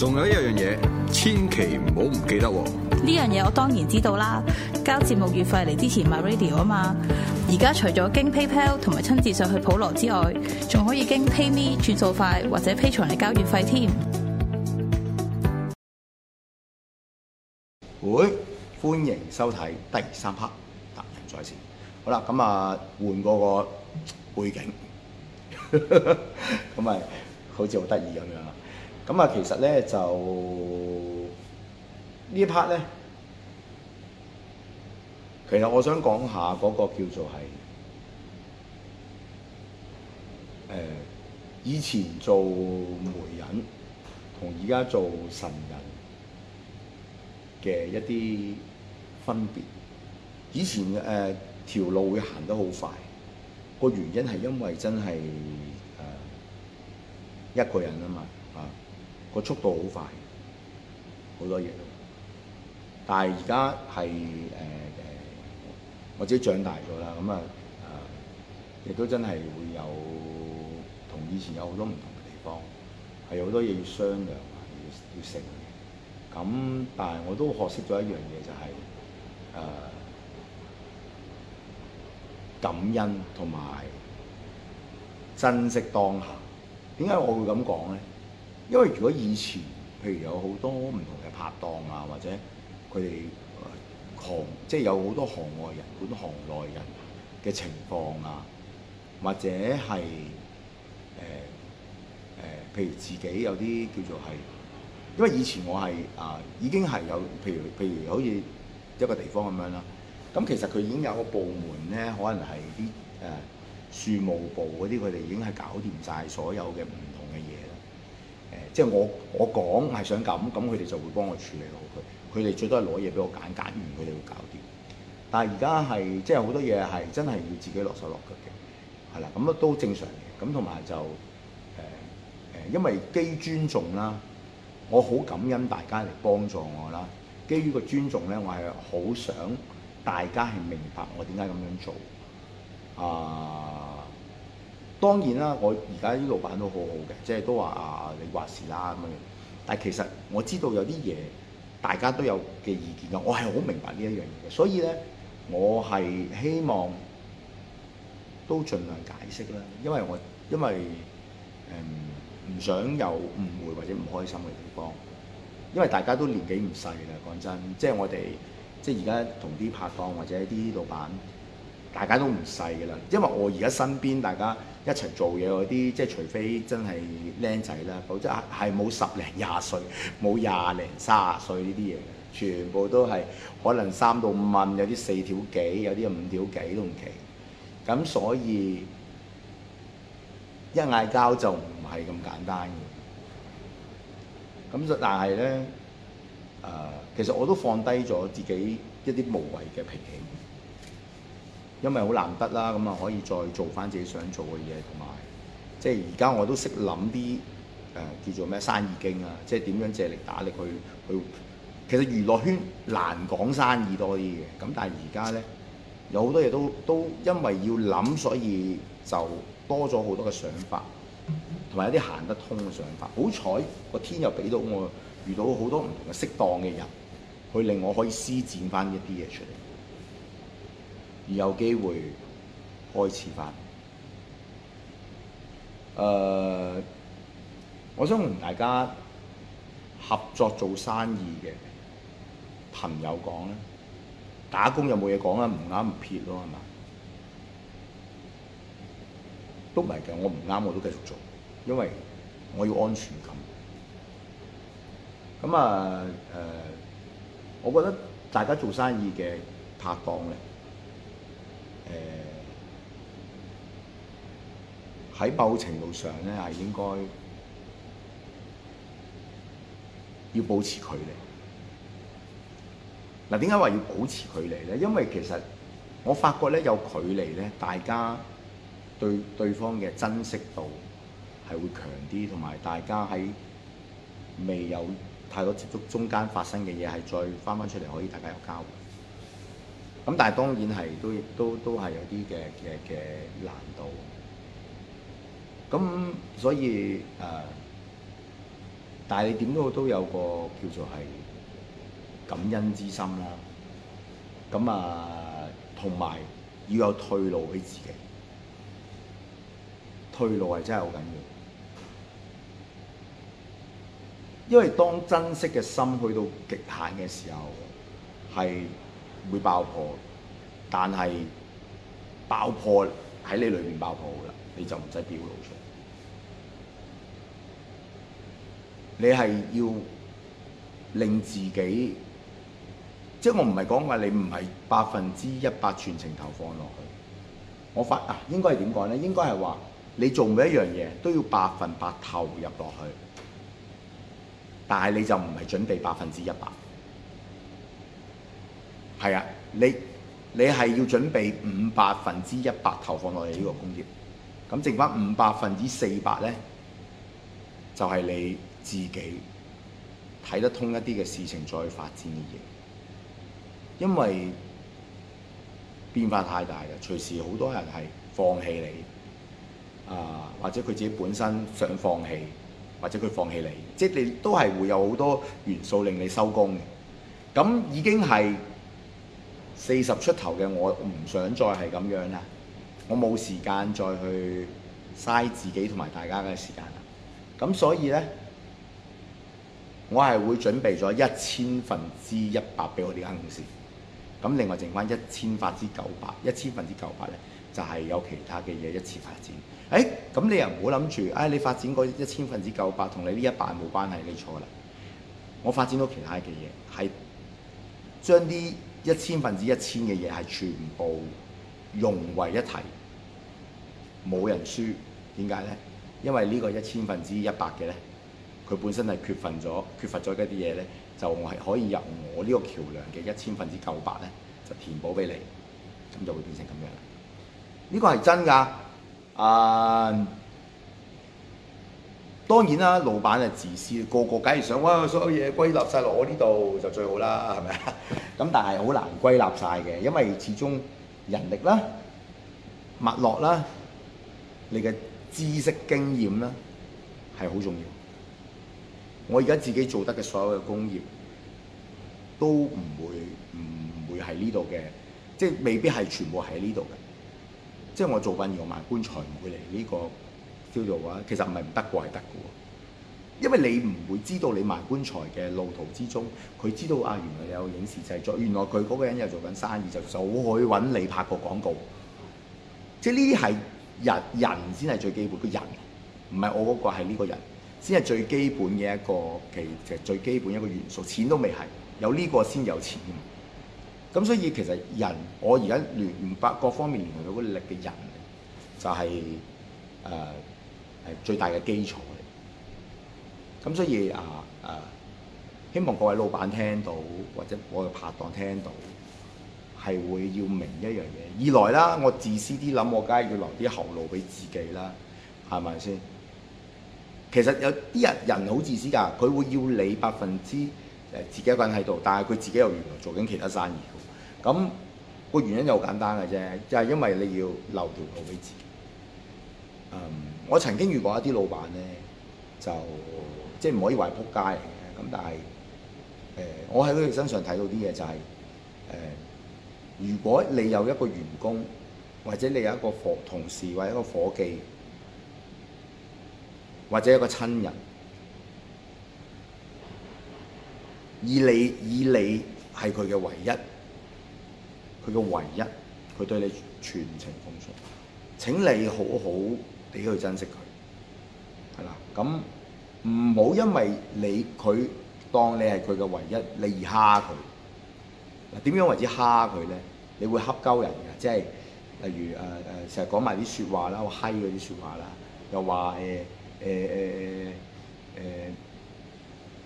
仲有一樣嘢，千祈唔好唔記得喎！呢樣嘢我當然知道啦，交節目月費嚟之前買 radio 啊嘛。而家除咗經 PayPal 同埋親自上去普羅之外，仲可以經 PayMe 轉數快或者 Pay 財嚟交月費添。會、哎、歡迎收睇第三 part 達人在線。好啦，咁啊換過個,個背景，咁 咪好似好得意咁樣啊！咁啊，其實咧就一呢一 part 咧，其實我想講下嗰個叫做係誒、呃、以前做媒人同而家做神人嘅一啲分別。以前誒條、呃、路會行得好快，個原因係因為真係誒、呃、一個人啊嘛，啊！個速度好快，好多嘢。但係而家係誒我自己長大咗啦，咁啊、呃，亦都真係會有同以前有好多唔同嘅地方，係好多嘢要商量，要要成。咁但係我都學識咗一樣嘢，就係、是、誒、呃、感恩同埋珍惜當下。點解我會咁講咧？因為如果以前，譬如有好多唔同嘅拍檔啊，或者佢哋、呃、行，即係有好多行外人管行內人嘅情況啊，或者係誒誒，譬如自己有啲叫做係，因為以前我係啊、呃，已經係有，譬如譬如好似一個地方咁樣啦，咁、嗯、其實佢已經有個部門咧，可能係啲誒樹務部嗰啲，佢哋已經係搞掂晒所有嘅唔同。即係我我講係想咁，咁佢哋就會幫我處理好佢。佢哋最多係攞嘢俾我揀，揀完佢哋會搞掂。但係而家係即係好多嘢係真係要自己落手落腳嘅，係啦，咁都正常嘅。咁同埋就誒誒、呃呃，因為基尊重啦，我好感恩大家嚟幫助我啦。基於個尊重咧，我係好想大家係明白我點解咁樣做啊。呃當然啦，我而家啲老闆都好好嘅，即係都話啊，你話事啦咁樣。但係其實我知道有啲嘢大家都有嘅意見㗎，我係好明白呢一樣嘢嘅，所以咧，我係希望都盡量解釋啦，因為我因為誒唔想有誤會或者唔開心嘅地方，因為大家都年紀唔細啦，講真，即係我哋即係而家同啲拍檔或者啲老闆，大家都唔細㗎啦，因為我而家身邊大家。一齊做嘢嗰啲，即係除非真係僆仔啦，否則係冇十零廿歲，冇廿零卅歲呢啲嘢，全部都係可能三到五問，有啲四條幾，有啲五條幾都唔奇。咁所以一嗌交就唔係咁簡單嘅。咁但係咧，誒、呃，其實我都放低咗自己一啲無謂嘅脾氣。因為好難得啦，咁啊可以再做翻自己想做嘅嘢，同埋即係而家我都識諗啲誒叫做咩生意經啊，即係點樣借力打力去去。其實娛樂圈難講生意多啲嘅，咁但係而家呢，有好多嘢都都因為要諗，所以就多咗好多嘅想法，同埋一啲行得通嘅想法。好彩個天又俾到我遇到好多唔同嘅適當嘅人，去令我可以施展翻一啲嘢出嚟。而有機會開始發誒，uh, 我想同大家合作做生意嘅朋友講咧，打工有冇嘢講咧？唔啱唔撇咯，係嘛？都唔係嘅，我唔啱我都繼續做，因為我要安全感。咁啊誒，uh, uh, 我覺得大家做生意嘅拍檔咧，誒喺某程度上咧係應該要保持距離。嗱、啊，點解話要保持距離咧？因為其實我發覺咧，有距離咧，大家對對方嘅珍惜度係會強啲，同埋大家喺未有太多接觸，中間發生嘅嘢係再翻翻出嚟，可以大家有交咁但係當然係都都都係有啲嘅嘅嘅難度，咁所以誒、呃，但係你點都好都有個叫做係感恩之心啦，咁啊，同埋要有退路俾自己，退路係真係好緊要，因為當珍惜嘅心去到極限嘅時候，係。會爆破，但係爆破喺你裏面爆破好啦，你就唔使表露出嚟。你係要令自己，即係我唔係講話你唔係百分之一百全程投放落去。我發嗱，啊，應該係點講咧？應該係話你做每一樣嘢都要百分百投入落去，但係你就唔係準備百分之一百。係啊，你你係要準備五百分之一百投放落嚟呢個工業，咁、嗯、剩翻五百分之四百呢，就係、是、你自己睇得通一啲嘅事情再發展嘅嘢，因為變化太大啦，隨時好多人係放棄你啊、呃，或者佢自己本身想放棄，或者佢放棄你，即你都係會有好多元素令你收工嘅。咁已經係。四十出頭嘅我唔想再係咁樣啦，我冇時間再去嘥自己同埋大家嘅時間啦。咁所以呢，我係會準備咗一千分之一百俾我哋間公司。咁另外剩翻一千分之九百，一千分之九百呢，就係、是、有其他嘅嘢一次發展。誒、哎，咁你又唔好諗住，哎，你發展嗰一千分之九百同你呢一百冇關係，你錯啦。我發展到其他嘅嘢，係將啲。一千分之一千嘅嘢係全部融為一體，冇人輸。點解呢？因為呢個一千分之一百嘅呢，佢本身係缺乏咗缺乏咗一啲嘢呢，就係可以由我呢個橋梁嘅一千分之九百呢，就填補俾你，咁就會變成咁樣啦。呢、呢個係真㗎。呃當然啦，老闆就自私，個個梗係想哇，所有嘢歸納晒落我呢度就最好啦，係咪啊？咁 但係好難歸納晒嘅，因為始終人力啦、物力啦、你嘅知識經驗啦係好重要。我而家自己做得嘅所有嘅工業都唔會唔會係呢度嘅，即係未必係全部喺呢度嘅。即係我做殯儀，我賣棺材唔會嚟呢個。叫做話，其實唔係唔得個，係得個。因為你唔會知道你賣棺材嘅路途之中，佢知道啊，原來有影視製作，原來佢嗰個人又做緊生意，就走去揾你拍個廣告。即係呢啲係人，人先係最基本嘅人，唔係我嗰個係呢個人，先係最基本嘅一個，其實最基本一個元素。錢都未係有呢個先有錢嘅。咁所以其實人，我而家聯發各方面原來有個力嘅人、就是，就係誒。最大嘅基礎，咁所以啊啊，希望各位老闆聽到，或者我嘅拍檔聽到，係會要明一樣嘢。二來啦，我自私啲諗，我梗係要留啲後路俾自己啦，係咪先？其實有啲人人好自私㗎，佢會要你百分之誒自己一個人喺度，但係佢自己又原來做緊其他生意。咁個原因又好簡單嘅啫，就係、是、因為你要留條路俾自己。Um, 我曾經遇過一啲老闆呢，就即係唔可以話係撲街嚟嘅。咁但係、呃、我喺佢哋身上睇到啲嘢就係、是呃、如果你有一個員工，或者你有一個夥同，同事，或者一個伙計，或者一個親人，以你以你係佢嘅唯一，佢嘅唯一，佢對你全程奉送，請你好好。俾佢珍惜佢，係啦。咁唔好因為你佢當你係佢嘅唯一，你而蝦佢。嗱點樣為之蝦佢咧？你會恰鳩人嘅，即係例如誒誒，成日講埋啲説話啦，好閪嗰啲説話啦，又話誒誒誒誒，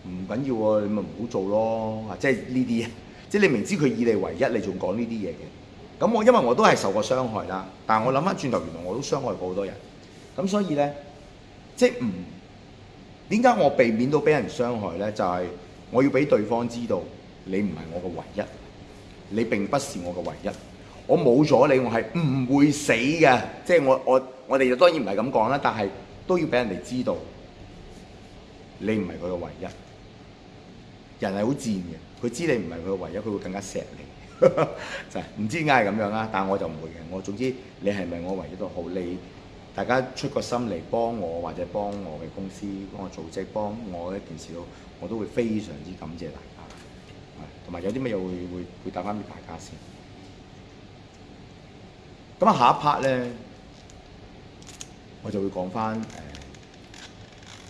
唔緊要啊，你咪唔好做咯。即係呢啲，即係你明知佢以你為一，你仲講呢啲嘢嘅。咁我因為我都係受過傷害啦，但係我諗翻轉頭，原來我都傷害過好多人。咁所以呢，即係唔點解我避免到俾人傷害呢？就係、是、我要俾對方知道，你唔係我嘅唯一，你並不是我嘅唯一。我冇咗你，我係唔會死嘅。即係我我我哋就當然唔係咁講啦，但係都要俾人哋知道，你唔係佢嘅唯一。人係好賤嘅，佢知你唔係佢嘅唯一，佢會更加錫你。呵呵，就係、是、唔知點解係咁樣啦，但係我就唔會嘅。我總之你係咪我唯一都好，你。大家出個心嚟幫我或者幫我嘅公司、幫我組織、幫我一件事都，我都會非常之感謝大家。係，同埋有啲乜嘢會會會回答翻俾大家先。咁啊，下一 part 咧，我就會講翻誒，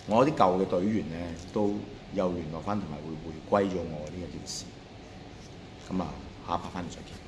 我啲舊嘅隊員咧都又聯絡翻，同埋會回歸咗我呢一件事。咁啊，下一 part 翻嚟、呃、再見。